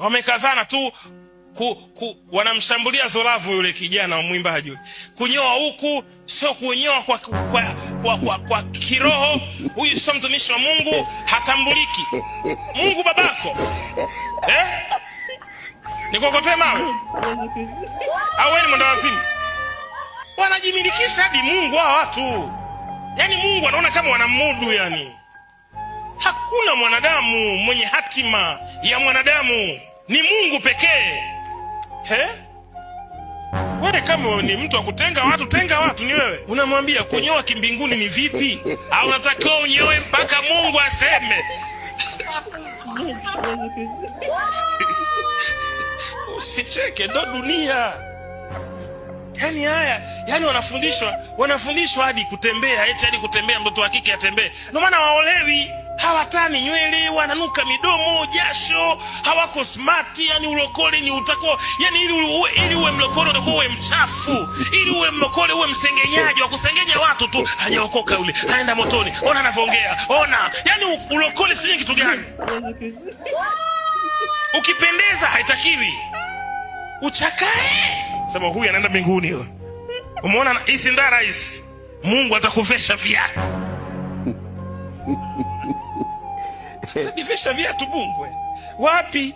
wamekazana tu ku, ku, wanamshambulia Zoravu yule kijana mwimbaji. Kunyoa huku sio kunyoa kwa, kwa, kwa, kwa, kwa kiroho. Huyu sio mtumishi wa Mungu, hatambuliki. Mungu babako eh? Nikokotee mawe au weni ni Wanajimilikisha hadi Mungu hawa watu, yaani Mungu anaona kama wanamudu. Yani hakuna mwanadamu mwenye hatima ya mwanadamu ni Mungu pekee. He? Wewe kama ni mtu wa kutenga watu, tenga watu ni wewe. Unamwambia kunyoa kimbinguni ni vipi? Au unatakiwa unyoe mpaka Mungu aseme? Usicheke, ndo dunia. Yaani haya, yaani wanafundishwa, wanafundishwa hadi kutembea, eti hadi kutembea mtoto wa kike atembee. Ndio maana waolewi hawatani nywele wananuka midomo jasho hawako smart. yani ulokole ni utakuwa yani ili uwe, ili uwe mlokole utakuwa uwe mchafu ili uwe mlokole uwe msengenyaji wa kusengenya watu tu hajaokoka yule anaenda motoni ona anavyoongea ona yani ulokole sio kitu gani ukipendeza haitakiwi uchakae sema huyu anaenda mbinguni umeona hii si ndara mungu atakuvesha viatu sasa jivisha viatu bungwe wapi?